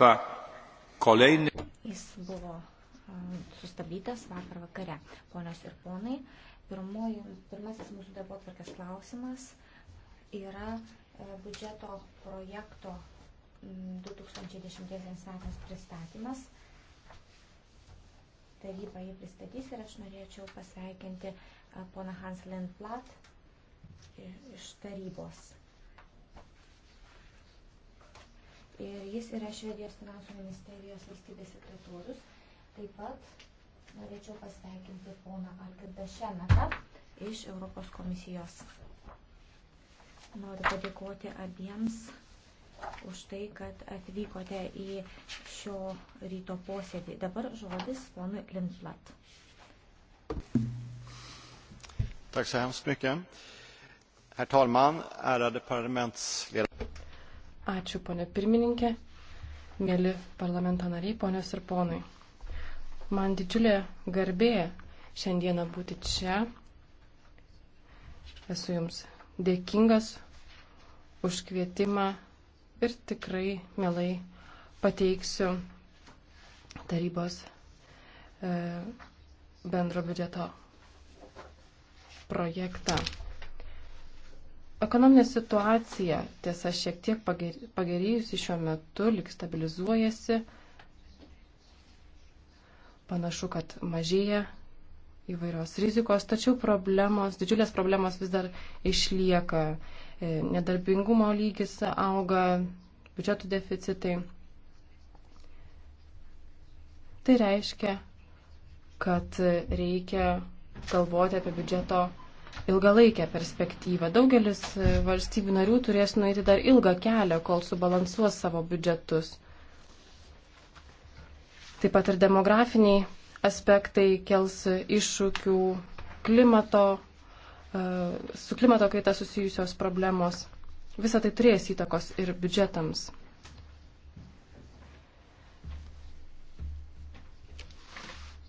ta kolejny. Jis buvo sustabdytas vakar vakare. Ponios ir ponai, pirmoji, pirmasis mūsų darbotvarkės klausimas yra e, biudžeto projekto 2010 metams pristatymas. Taryba jį pristatys ir aš norėčiau pasveikinti poną Hans Lindblat iš tarybos. ir jis yra Švedijos finansų ministerijos valstybės sekretorius. Taip pat norėčiau pasveikinti poną Algirdą Šemetą iš Europos komisijos. Noriu padėkoti abiems už tai, kad atvykote į šio ryto posėdį. Dabar žodis ponui Lindblad. Tack så hemskt mycket. Herr talman, ärade parlamentsledamöter. Ačiū, ponė pirmininkė, mėly parlamento nariai, ponios ir ponai. Man didžiulė garbė šiandieną būti čia. Esu Jums dėkingas už kvietimą ir tikrai mielai pateiksiu tarybos e, bendro biudžeto projektą. Ekonominė situacija, tiesa, šiek tiek pagerėjusi šiuo metu, lik stabilizuojasi. Panašu, kad mažėja įvairios rizikos, tačiau problemos, didžiulės problemos vis dar išlieka. E, nedarbingumo lygis auga, biudžetų deficitai. Tai reiškia, kad reikia galvoti apie biudžeto ilgalaikę perspektyvą. Daugelis e, valstybių narių turės nueiti dar ilgą kelią, kol subalansuos savo biudžetus. Taip pat ir demografiniai aspektai kels iššūkių klimato, e, su klimato kaita susijusios problemos. Visą tai turės įtakos ir biudžetams.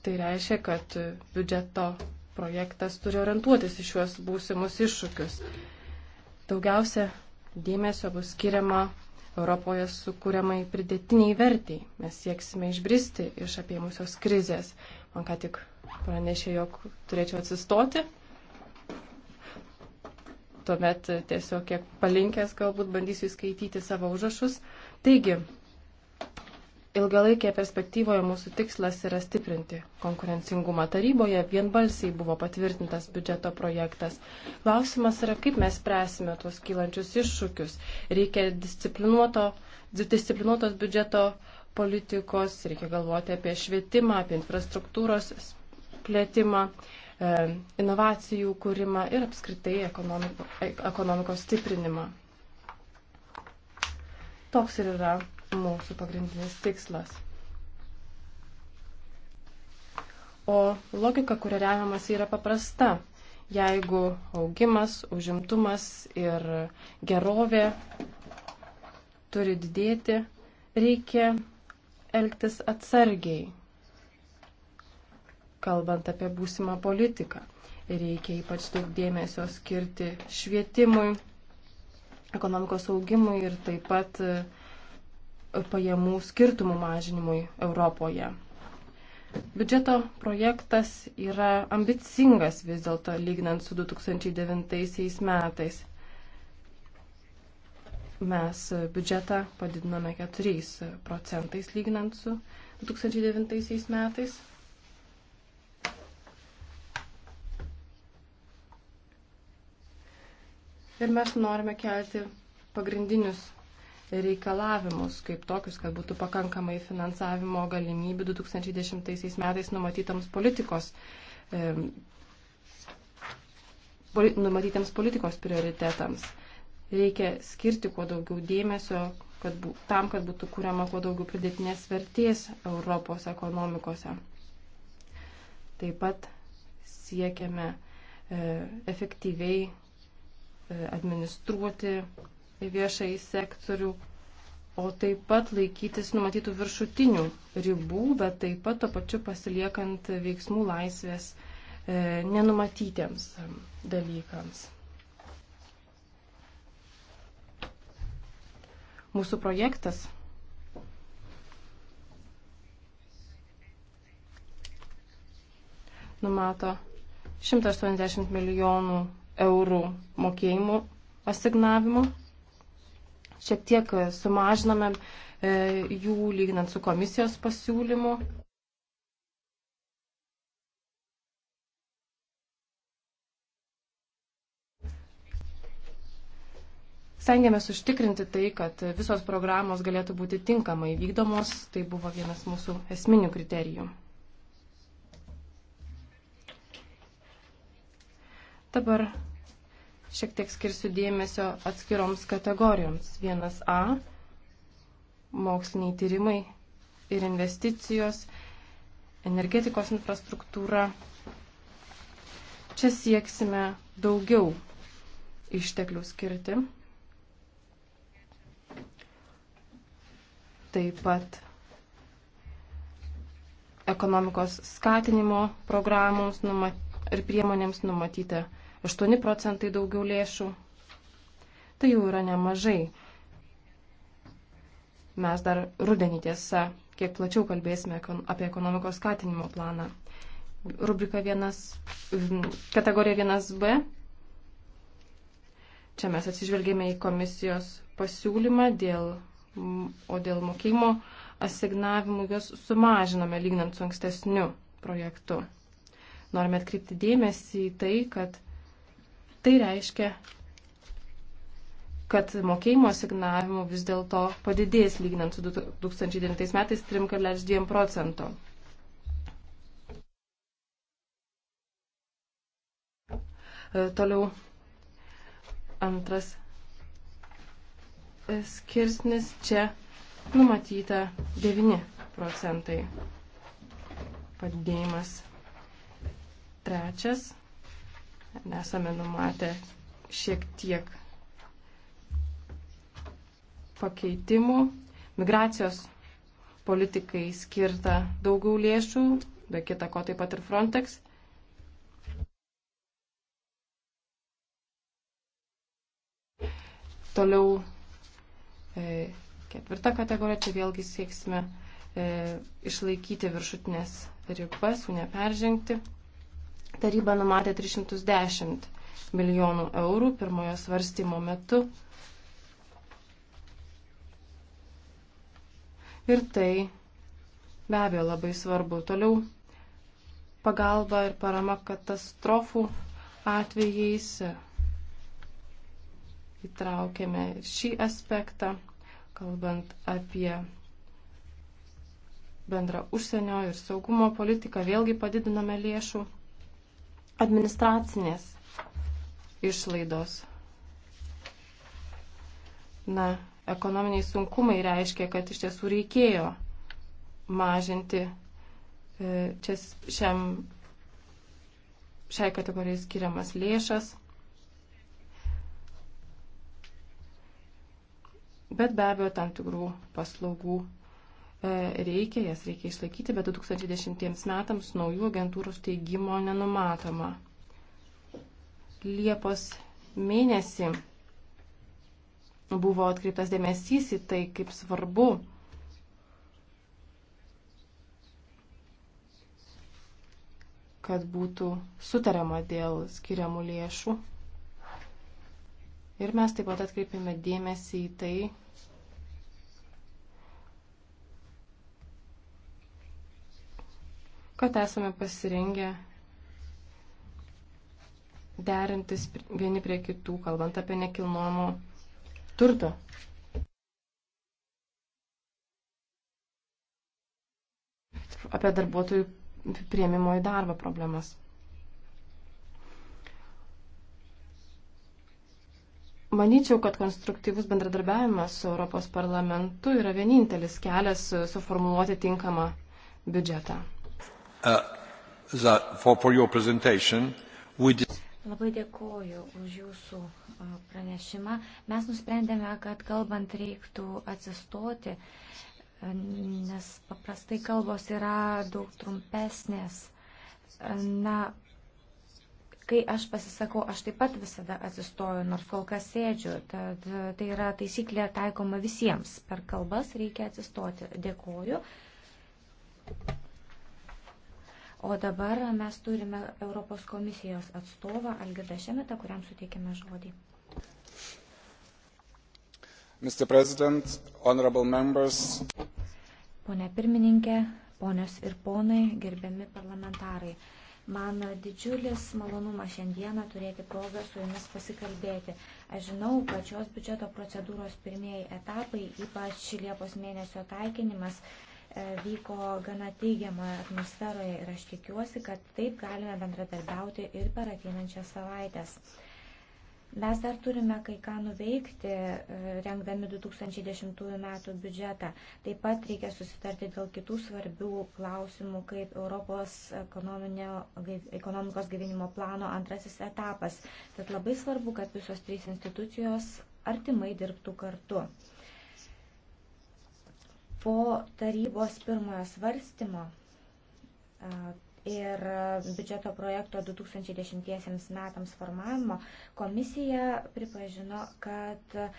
Tai reiškia, kad biudžeto projektas turi orientuotis į šiuos būsimus iššūkius. Daugiausia dėmesio bus skiriama Europoje sukūriamai pridėtiniai vertiai. Mes sieksime išbristi iš apėmusios krizės. Man ką tik pranešė, jog turėčiau atsistoti. Tuomet tiesiog kiek palinkęs galbūt bandysiu įskaityti savo užrašus. Taigi, Ilgalaikėje perspektyvoje mūsų tikslas yra stiprinti konkurencingumą. Taryboje vienbalsiai buvo patvirtintas biudžeto projektas. Klausimas yra, kaip mes spręsime tuos kylančius iššūkius. Reikia disciplinuoto, disciplinuotos biudžeto politikos, reikia galvoti apie švietimą, apie infrastruktūros plėtimą, e, inovacijų kūrimą ir apskritai e, ekonomikos stiprinimą. Toks ir yra mūsų pagrindinis tikslas. O logika, kuria remiamas, yra paprasta. Jeigu augimas, užimtumas ir gerovė turi didėti, reikia elgtis atsargiai, kalbant apie būsimą politiką. Reikia ypač daug dėmesio skirti švietimui, ekonomikos augimui ir taip pat uh, pajamų skirtumų mažinimui Europoje. Biudžeto projektas yra ambicingas vis dėlto lygnant su 2009 metais. Mes biudžetą padidinome 4 procentais lygnant su 2009 metais. Ir mes norime kelti pagrindinius reikalavimus, kaip tokius, kad būtų pakankamai finansavimo galimybių 2010 metais numatytams politikos, e, poli, numatytams politikos prioritetams. Reikia skirti kuo daugiau dėmesio kad bū, tam, kad būtų kuriama kuo daugiau pridėtinės vertės Europos ekonomikose. Taip pat siekiame e, efektyviai e, administruoti viešai sektorių, o taip pat laikytis numatytų viršutinių ribų, bet taip pat to pačiu pasiliekant veiksmų laisvės e, nenumatytiems e, dalykams. Mūsų projektas numato 180 milijonų eurų mokėjimų asignavimų šiek tiek sumažiname e, jų lyginant su komisijos pasiūlymu. Stengiamės užtikrinti tai, kad visos programos galėtų būti tinkamai vykdomos. Tai buvo vienas mūsų esminių kriterijų. Dabar šiek tiek skirsiu dėmesio atskiroms kategorijoms. Vienas A - moksliniai tyrimai ir investicijos, energetikos infrastruktūra. Čia sieksime daugiau išteklių skirti. Taip pat ekonomikos skatinimo programoms numat ir priemonėms numatyti 8 procentai daugiau lėšų. Tai jau yra nemažai. Mes dar rudenį tiesa, kiek plačiau kalbėsime apie ekonomikos skatinimo planą. Rubrika 1, mm, kategorija 1b. Čia mes atsižvelgėme į komisijos pasiūlymą dėl, o dėl mokėjimo asignavimų juos sumažinome lygnant su ankstesniu projektu. Norime atkreipti dėmesį į tai, kad Tai reiškia, kad mokėjimo asignavimų vis dėlto padidės lyginant su 2009 metais 3,2 procento. E, toliau antras skirsnis čia numatyta 9 procentai padidėjimas. Trečias nesame numatę šiek tiek pakeitimų. Migracijos politikai skirta daugiau lėšų, be kita ko taip pat ir Frontex. Toliau e, ketvirta kategorija, čia vėlgi sieksime e, išlaikyti viršutinės ribas, jų neperžengti. Taryba numatė 310 milijonų eurų pirmojo svarstymo metu. Ir tai be abejo labai svarbu. Toliau pagalba ir parama katastrofų atvejais. Įtraukėme šį aspektą, kalbant apie bendrą užsienio ir saugumo politiką, vėlgi padidiname lėšų Administracinės išlaidos. Na, ekonominiai sunkumai reiškia, kad iš tiesų reikėjo mažinti e, čia šiam, šiai kategorijai skiriamas lėšas. Bet be abejo, tam tikrų paslaugų E, reikia, jas reikia išlaikyti, bet 2020 metams naujų agentūrų steigimo nenumatoma. Liepos mėnesį buvo atkreiptas dėmesys į tai, kaip svarbu kad būtų sutariama dėl skiriamų lėšų. Ir mes taip pat atkreipėme dėmesį į tai, kad esame pasirengę derintis vieni prie kitų, kalbant apie nekilnojamo turto. Apie darbuotojų prieimimo į darbą problemas. Manyčiau, kad konstruktyvus bendradarbiavimas su Europos parlamentu yra vienintelis kelias suformuluoti tinkamą biudžetą. Uh, uh, for, for your presentation. We did... Labai dėkoju už jūsų uh, pranešimą. Mes nusprendėme, kad kalbant reiktų atsistoti, nes paprastai kalbos yra daug trumpesnės. Na, kai aš pasisakau, aš taip pat visada atsistoju, nors kol kas sėdžiu. Tad uh, tai yra taisyklė taikoma visiems. Per kalbas reikia atsistoti. Dėkoju. O dabar mes turime Europos komisijos atstovą Algirdą Šemetą, kuriam suteikime žodį. Mr. President, honorable members. Pone pirmininkė, ponios ir ponai, gerbiami parlamentarai. Man didžiulis malonumas šiandieną turėti progą su jumis pasikalbėti. Aš žinau, kad šios biudžeto procedūros pirmieji etapai, ypač Liepos mėnesio taikinimas, uh, E, vyko gana teigiamoje atmosferoje ir aš tikiuosi, kad taip galime bendradarbiauti ir per ateinančias savaitės. Mes dar turime kai ką nuveikti, e, rengdami 2010 metų biudžetą. Taip pat reikia susitarti dėl kitų svarbių klausimų, kaip Europos ekonomikos gyvenimo plano antrasis etapas. Tad labai svarbu, kad visos trys institucijos artimai dirbtų kartu po tarybos pirmojo svarstymo ir e, biudžeto projekto 2010 metams formavimo komisija pripažino, kad e,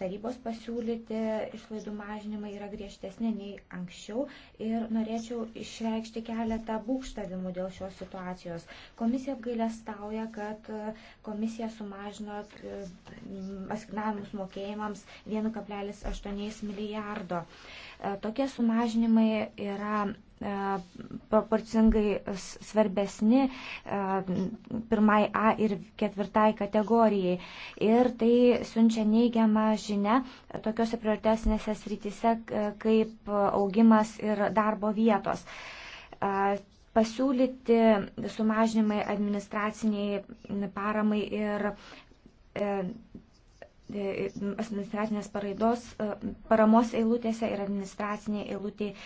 tarybos pasiūlyti išlaidų mažinimai yra griežtesnė nei anksčiau ir norėčiau išreikšti keletą būkštavimų dėl šios situacijos. Komisija apgailestauja, kad e, komisija sumažino asignavimus mokėjimams 1,8 milijardo. Tokie sumažinimai yra E, proporcingai svarbesni e, pirmai A ir ketvirtai kategorijai. Ir tai siunčia neigiamą žinę tokiuose prioritetinėse srityse kaip augimas ir darbo vietos. E, pasiūlyti sumažinimai administraciniai paramai ir E, administracinės paraidos, e, paramos eilutėse ir administraciniai eilutė e,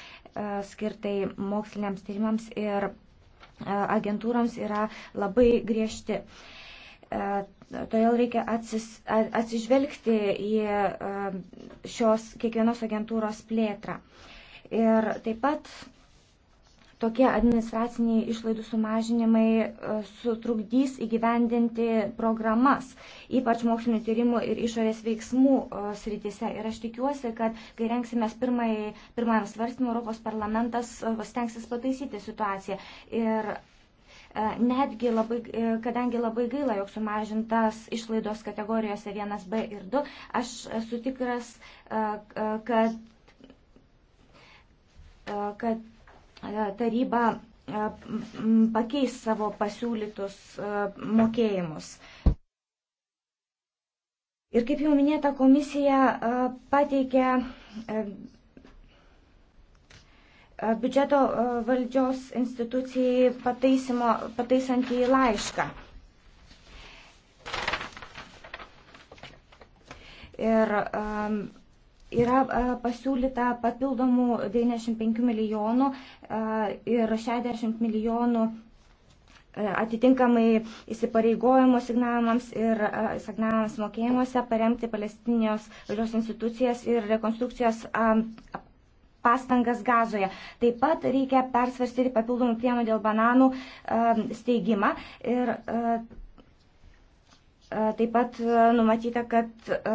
skirtai moksliniams tyrimams ir agentūrams yra labai griežti. Todėl reikia atsis, atsižvelgti į šios kiekvienos agentūros plėtrą. Ir taip pat Tokie administraciniai išlaidų sumažinimai e, sutrukdys įgyvendinti programas, ypač mokslinio tyrimų ir išorės veiksmų e, srityse. Ir aš tikiuosi, kad kai rengsime pirmajam svarstymui, Europos parlamentas e, stengsis pataisyti situaciją. Ir netgi labai, kadangi labai gaila, jog sumažintas išlaidos kategorijose 1B ir 2, aš esu tikras, kad, kad taryba pakeis savo pasiūlytus mokėjimus. Ir kaip jau minėta, komisija pateikė biudžeto valdžios institucijai pataisantį laišką. Ir um, yra pasiūlyta papildomų 95 milijonų ir 60 milijonų atitinkamai įsipareigojimo signavimams ir signavimams mokėjimuose paremti palestinijos valdžios institucijas ir rekonstrukcijos pastangas gazoje. Taip pat reikia persvarstyti papildomų priemonių dėl bananų steigimą ir Taip pat e, numatyta, kad e,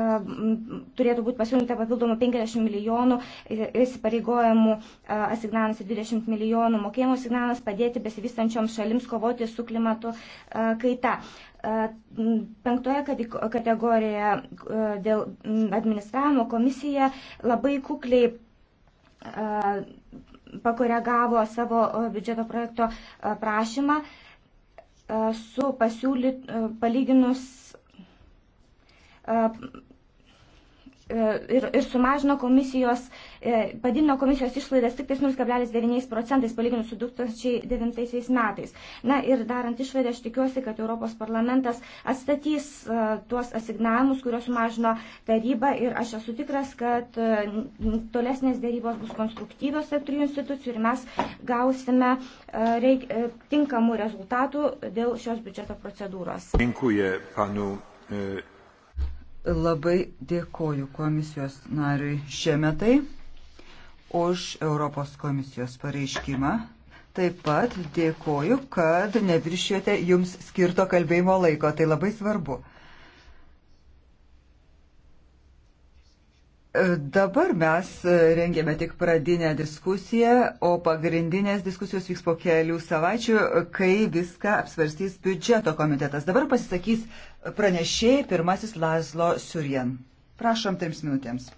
turėtų būti pasiūlyta papildomų 50 milijonų e, įsipareigojimų asignavimas ir 20 milijonų mokėjimų asignavimas padėti besivystančioms šalims kovoti su klimato kaita. Penktoje kategorijoje dėl administravimo komisija labai kukliai pakoregavo savo biudžeto projekto prašymą su pasiūlyt, palyginus E, ir, ir sumažino komisijos, e, padidino komisijos išlaidas tik 0,9 procentais palyginus su 2009 metais. Na ir darant išvadą, aš tikiuosi, kad Europos parlamentas atstatys uh, tuos asignavimus, kuriuos sumažino taryba ir aš esu tikras, kad uh, tolesnės dėrybos bus konstruktyvios tarp trijų institucijų ir mes gausime uh, reik, tinkamų rezultatų dėl šios biudžeto procedūros. Dziękuję panu Labai dėkoju komisijos nariui Šemetai už Europos komisijos pareiškimą. Taip pat dėkoju, kad neviršijote jums skirto kalbėjimo laiko. Tai labai svarbu. Dabar mes rengėme tik pradinę diskusiją, o pagrindinės diskusijos vyks po kelių savaičių, kai viską apsvarstys biudžeto komitetas. Dabar pasisakys pranešėjai pirmasis Lazlo Surien. Prašom trims minutėms.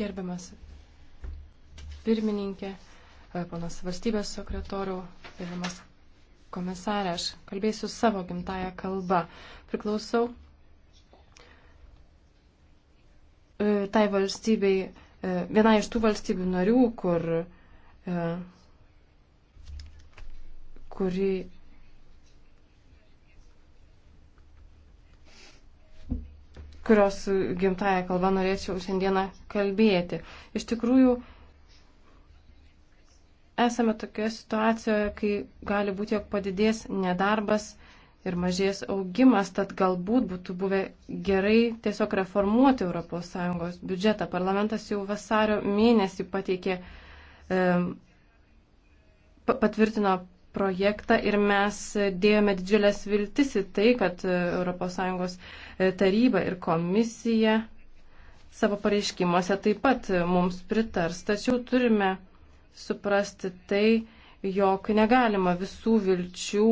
Gerbiamas pirmininkė, ponas valstybės sekretorių, gerbiamas komisarė, aš kalbėsiu savo gimtają kalbą. Priklausau E, tai valstybei, e, viena iš tų valstybių narių, kur, e, kuri kurios gimtają kalbą norėčiau šiandieną kalbėti. Iš tikrųjų, esame tokioje situacijoje, kai gali būti, jog padidės nedarbas ir mažės augimas, tad galbūt būtų buvę gerai tiesiog reformuoti ES biudžetą. Parlamentas jau vasario mėnesį pateikė, e, patvirtino projektą ir mes dėjome didžiulės viltis į tai, kad ES e, taryba ir komisija savo pareiškimuose taip pat e, mums pritars. Tačiau turime suprasti tai, jog negalima visų vilčių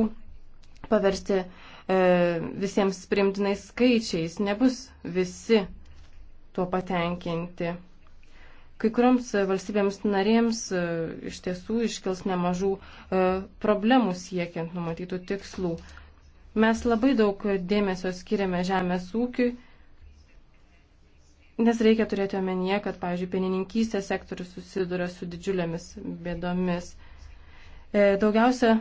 paversti e, visiems primtinais skaičiais, nebus visi tuo patenkinti. Kai kurioms valstybėms narėms e, iš tiesų iškils nemažų e, problemų siekiant numatytų tikslų. Mes labai daug dėmesio skiriame žemės ūkiui, nes reikia turėti omenyje, kad, pavyzdžiui, pienininkystės sektorius susiduria su didžiulėmis bėdomis. E, daugiausia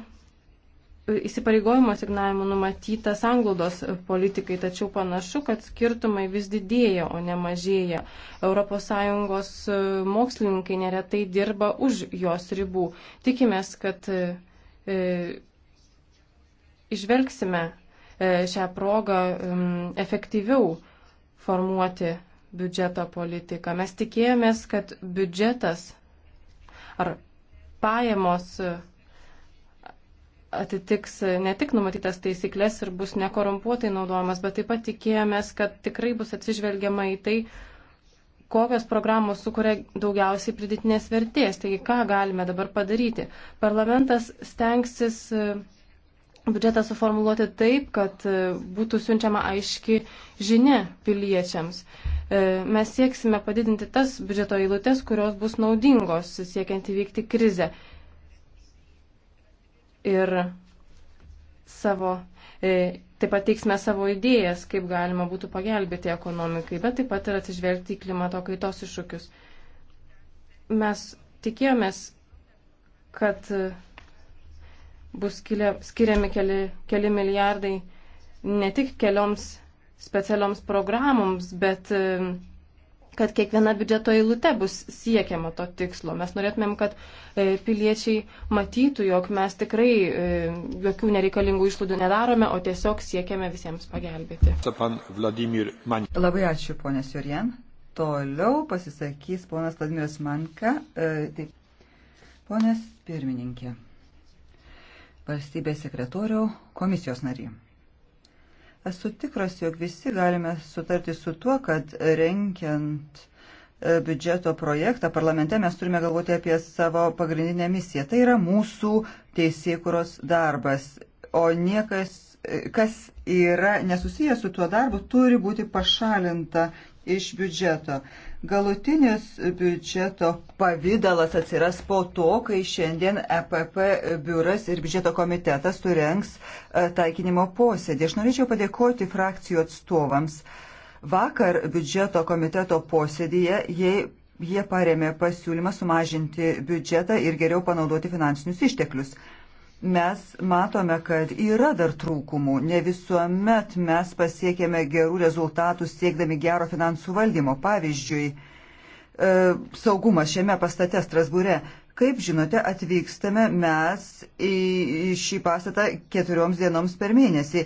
įsipareigojimo signavimų numatyta sanglaudos politikai, tačiau panašu, kad skirtumai vis didėja, o ne mažėja. ES e, mokslininkai neretai dirba už jos ribų. Tikimės, kad e, e išvelgsime e, šią progą e, efektyviau formuoti biudžeto politiką. Mes tikėjomės, kad biudžetas ar pajamos e, atitiks ne tik numatytas taisyklės ir bus nekorumpuotai naudojamas, bet taip pat tikėjomės, kad tikrai bus atsižvelgiama į tai, kokios programos sukuria daugiausiai pridėtinės vertės. Taigi, ką galime dabar padaryti? Parlamentas stengsis e, biudžetą suformuluoti taip, kad e, būtų siunčiama aiški žinia piliečiams. E, mes sieksime padidinti tas biudžeto eilutes, kurios bus naudingos siekiant įvykti krizę ir savo, e, taip pat teiksime savo idėjas, kaip galima būtų pagelbėti ekonomikai, bet taip pat ir atsižvelgti į klimato kaitos iššūkius. Mes tikėjomės, kad bus skilia, skiriami keli, keli milijardai ne tik kelioms specialioms programoms, bet e, kad kiekviena biudžeto eilute bus siekiama to tikslo. Mes norėtumėm, kad e, piliečiai matytų, jog mes tikrai e, jokių nereikalingų išlaidų nedarome, o tiesiog siekiame visiems pagelbėti. Labai ačiū, ponė Siurien. Toliau pasisakys ponas Vladimiras Manka. E, taip. Ponas pirmininkė, valstybės sekretoriau, komisijos nariai. Esu tikras, jog visi galime sutarti su tuo, kad renkiant e, biudžeto projektą parlamente mes turime galvoti apie savo pagrindinę misiją. Tai yra mūsų teisėkuros darbas, o niekas, e, kas yra nesusijęs su tuo darbu, turi būti pašalinta iš biudžeto. Galutinis biudžeto pavydalas atsiras po to, kai šiandien EPP biuras ir biudžeto komitetas surenks e, taikinimo posėdį. Aš norėčiau padėkoti frakcijų atstovams. Vakar biudžeto komiteto posėdėje jie, jie paremė pasiūlymą sumažinti biudžetą ir geriau panaudoti finansinius išteklius mes matome, kad yra dar trūkumų. Ne visuomet mes pasiekėme gerų rezultatų siekdami gero finansų valdymo. Pavyzdžiui, e, saugumas šiame pastate Strasbūre. Kaip žinote, atvykstame mes į šį pastatą keturioms dienoms per mėnesį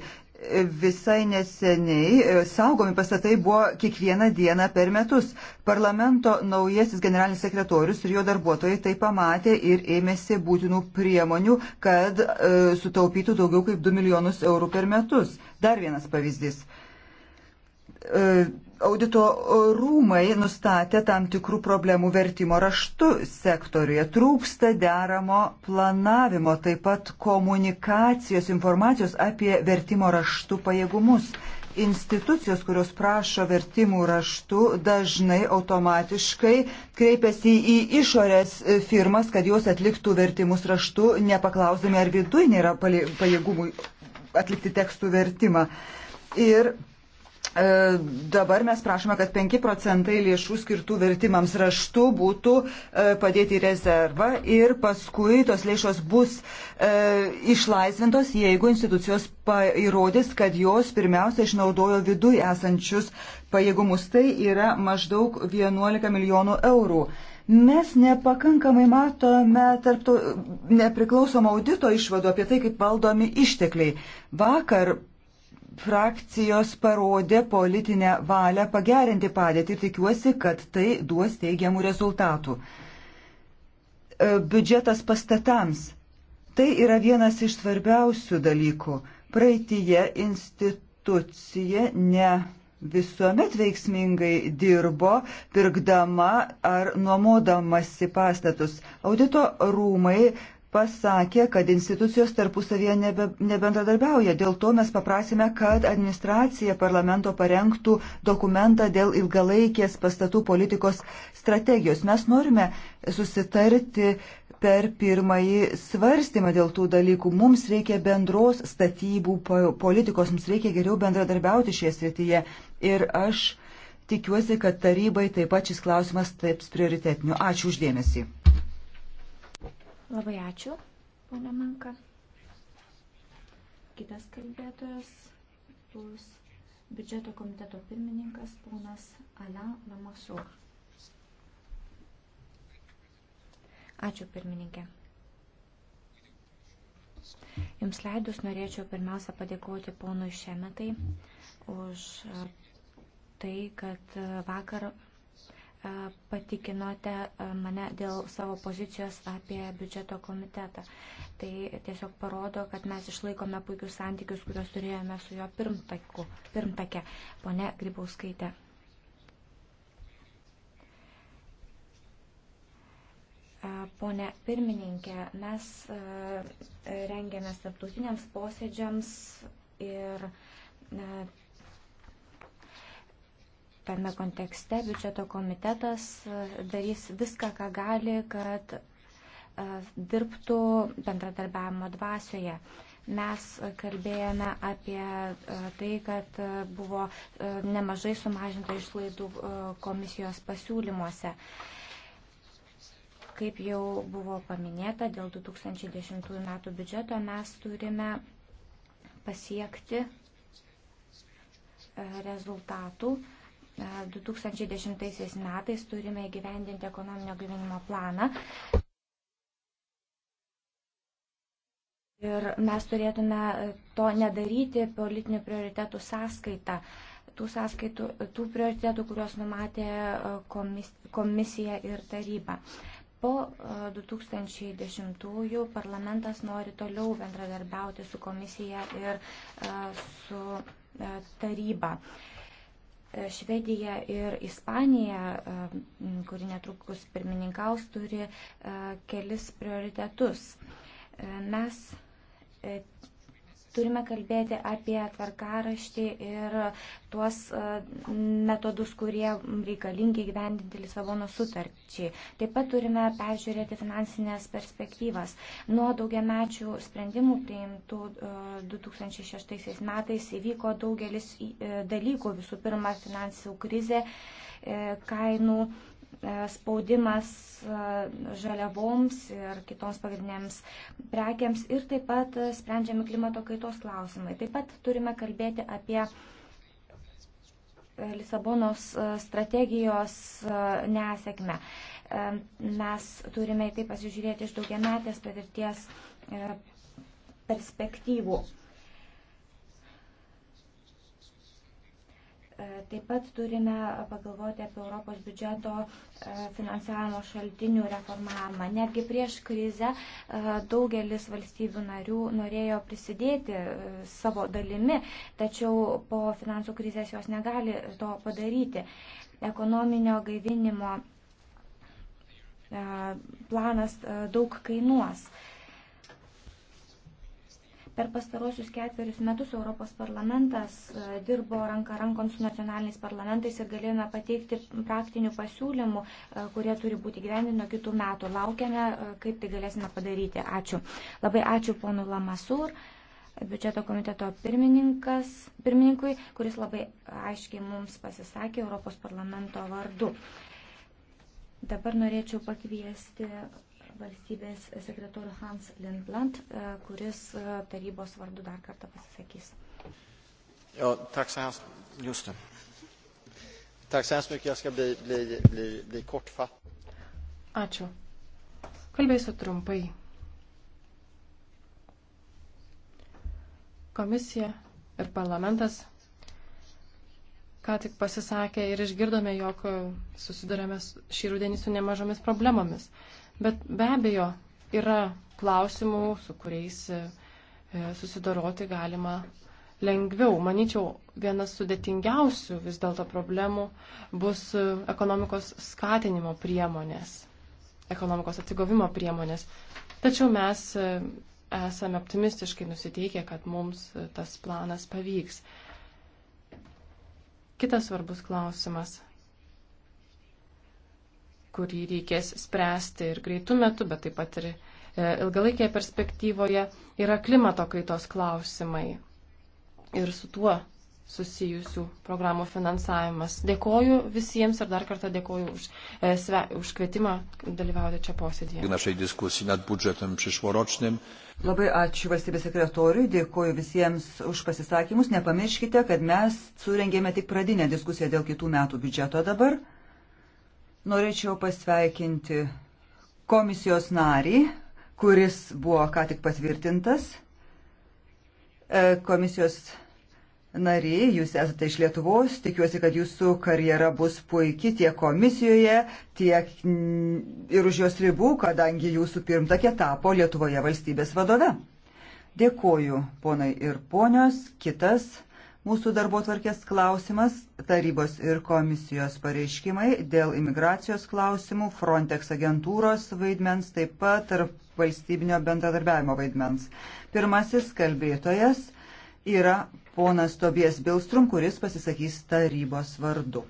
visai neseniai e, saugomi pastatai buvo kiekvieną dieną per metus. Parlamento naujasis generalinis sekretorius ir jo darbuotojai tai pamatė ir ėmėsi būtinų priemonių, kad e, sutaupytų daugiau kaip 2 milijonus eurų per metus. Dar vienas pavyzdys. E, E, audito rūmai nustatė tam tikrų problemų vertimo raštu sektoriuje. Trūksta deramo planavimo, taip pat komunikacijos informacijos apie vertimo raštu pajėgumus. Institucijos, kurios prašo vertimų raštu, dažnai automatiškai kreipiasi į išorės firmas, kad jos atliktų vertimus raštu, nepaklausdami, ar viduje nėra pajėgumų atlikti tekstų vertimą. Ir E, dabar mes prašome, kad 5 procentai lėšų skirtų vertimams raštu būtų e, padėti į rezervą ir paskui tos lėšos bus e, išlaisvintos, jeigu institucijos įrodys, kad jos pirmiausia išnaudojo viduje esančius pajėgumus. Tai yra maždaug 11 milijonų eurų mes nepakankamai matome tarptų nepriklausomo audito išvadų apie tai, kaip valdomi ištekliai. Vakar frakcijos parodė politinę valią pagerinti padėtį ir tikiuosi, kad tai duos teigiamų rezultatų. E, biudžetas pastatams. Tai yra vienas iš svarbiausių dalykų. Praeitie institucija ne visuomet veiksmingai dirbo, pirkdama ar nuomodamasi pastatus. Audito rūmai pasakė, kad institucijos tarpusavėje nebe, nebendradarbiauja. Dėl to mes paprasime, kad administracija parlamento parengtų dokumentą dėl ilgalaikės pastatų politikos strategijos. Mes norime susitarti per pirmąjį svarstymą dėl tų dalykų. Mums reikia bendros statybų politikos, mums reikia geriau bendradarbiauti šioje srityje. Ir aš tikiuosi, kad tarybai taip pat šis klausimas taps prioritetiniu. Ačiū uždėmesį. Labai ačiū, ponia Manka. Kitas kalbėtojas bus biudžeto komiteto pirmininkas ponas Alain Lamasur. Ačiū pirmininkė. Jums leidus norėčiau pirmiausia padėkoti ponui Šemetai už tai, kad vakar patikinote mane dėl savo pozicijos apie biudžeto komitetą. Tai tiesiog parodo, kad mes išlaikome puikius santykius, kuriuos turėjome su jo pirmtaku, pirmtake, pone Grybauskaitė. Pone pirmininkė, mes rengiamės tarptautiniams posėdžiams ir tame kontekste biudžeto komitetas e, darys viską, ką gali, kad e, dirbtų bendradarbiavimo dvasioje. Mes kalbėjome apie e, tai, kad buvo nemažai sumažinta išlaidų komisijos pasiūlymuose. Kaip jau buvo paminėta, dėl 2010 metų biudžeto mes turime pasiekti rezultatų, 2010 metais turime įgyvendinti ekonominio gyvenimo planą. Ir mes turėtume e, to nedaryti politinių prioritetų sąskaitą. Tų, sąskaitų, tų prioritetų, kuriuos numatė e, komis, komisija ir taryba. Po 2010-ųjų e, parlamentas nori toliau bendradarbiauti su komisija ir su taryba. Švedija ir Ispanija, kuri netrukus pirmininkaus, turi e, kelis prioritetus. E, mes e, Turime kalbėti apie tvarkaraštį ir tuos e, metodus, kurie reikalingi gyvendinti Lisabono sutarčiai. Taip pat turime peržiūrėti finansinės perspektyvas. Nuo daugiamečių sprendimų priimtų 2006 e, metais įvyko daugelis e, dalykų. Visų pirma, finansų krizė, kainų E, spaudimas e, žaliavoms ir kitoms pagrindinėms prekiams ir taip pat sprendžiami klimato kaitos klausimai. Taip pat turime kalbėti apie e, Lisabonos strategijos nesėkmę. Mes turime į tai pasižiūrėti iš daugiametės patirties perspektyvų. E, taip pat turime pagalvoti apie Europos biudžeto e, finansavimo šaltinių reformavimą. Netgi prieš krizę e, daugelis valstybių narių norėjo prisidėti savo dalimi, tačiau po finansų krizės jos negali to padaryti. Ekonominio gaivinimo planas daug kainuos. Per pastarosius ketverius metus Europos parlamentas e, dirbo ranka rankon su nacionaliniais parlamentais ir galėjome pateikti praktinių pasiūlymų, e, kurie turi būti gyvendino kitų metų. Laukiame, e, kaip tai galėsime padaryti. Ačiū. Labai ačiū ponu Lamasur biudžeto komiteto pirmininkui, kuris labai aiškiai mums pasisakė Europos parlamento vardu. Dabar norėčiau pakviesti valstybės sekretorių Hans Lindland, e, kuris e, tarybos vardu dar kartą pasisakys. Ja, tack så hemskt. Just det. Tack så hemskt mycket. Jag ska bli, bli, bli, bli kortfattad. Ačiū. Kalbėsiu trumpai. Komisija ir parlamentas ką tik pasisakė ir išgirdome, jog susidurėme šį rudenį su nemažomis problemomis. Bet be abejo, yra klausimų, su kuriais e, susidoroti galima lengviau. Maničiau, vienas sudėtingiausių vis dėlto problemų bus e, ekonomikos skatinimo priemonės, ekonomikos atsigovimo priemonės. Tačiau mes e, esame optimistiškai nusiteikę, kad mums tas planas pavyks. Kitas svarbus klausimas kurį reikės spręsti ir greitų metų, bet taip pat ir e, ilgalaikėje perspektyvoje, yra klimato kaitos klausimai ir su tuo susijusių programų finansavimas. Dėkoju visiems ir dar kartą dėkoju už, e, sve, už kvietimą dalyvauti čia posėdėje. Našai diskusijai nad budžetam priešvoročnim. Labai ačiū valstybės sekretoriui, dėkoju visiems už pasisakymus. Nepamirškite, kad mes surengėme tik pradinę diskusiją dėl kitų metų biudžeto dabar. Norėčiau pasveikinti komisijos narį, kuris buvo ką tik patvirtintas. E, komisijos nariai, jūs esate iš Lietuvos, tikiuosi, kad jūsų karjera bus puikiai tiek komisijoje, tiek ir už jos ribų, kadangi jūsų pirmtakė tapo Lietuvoje valstybės vadove. Dėkoju, ponai ir ponios, kitas. Mūsų darbo tvarkės klausimas - tarybos ir komisijos pareiškimai dėl imigracijos klausimų, Frontex agentūros vaidmens, taip pat tarp valstybinio bendradarbiavimo vaidmens. Pirmasis kalbėtojas yra ponas Tobijas Bilstrum, kuris pasisakys tarybos vardu.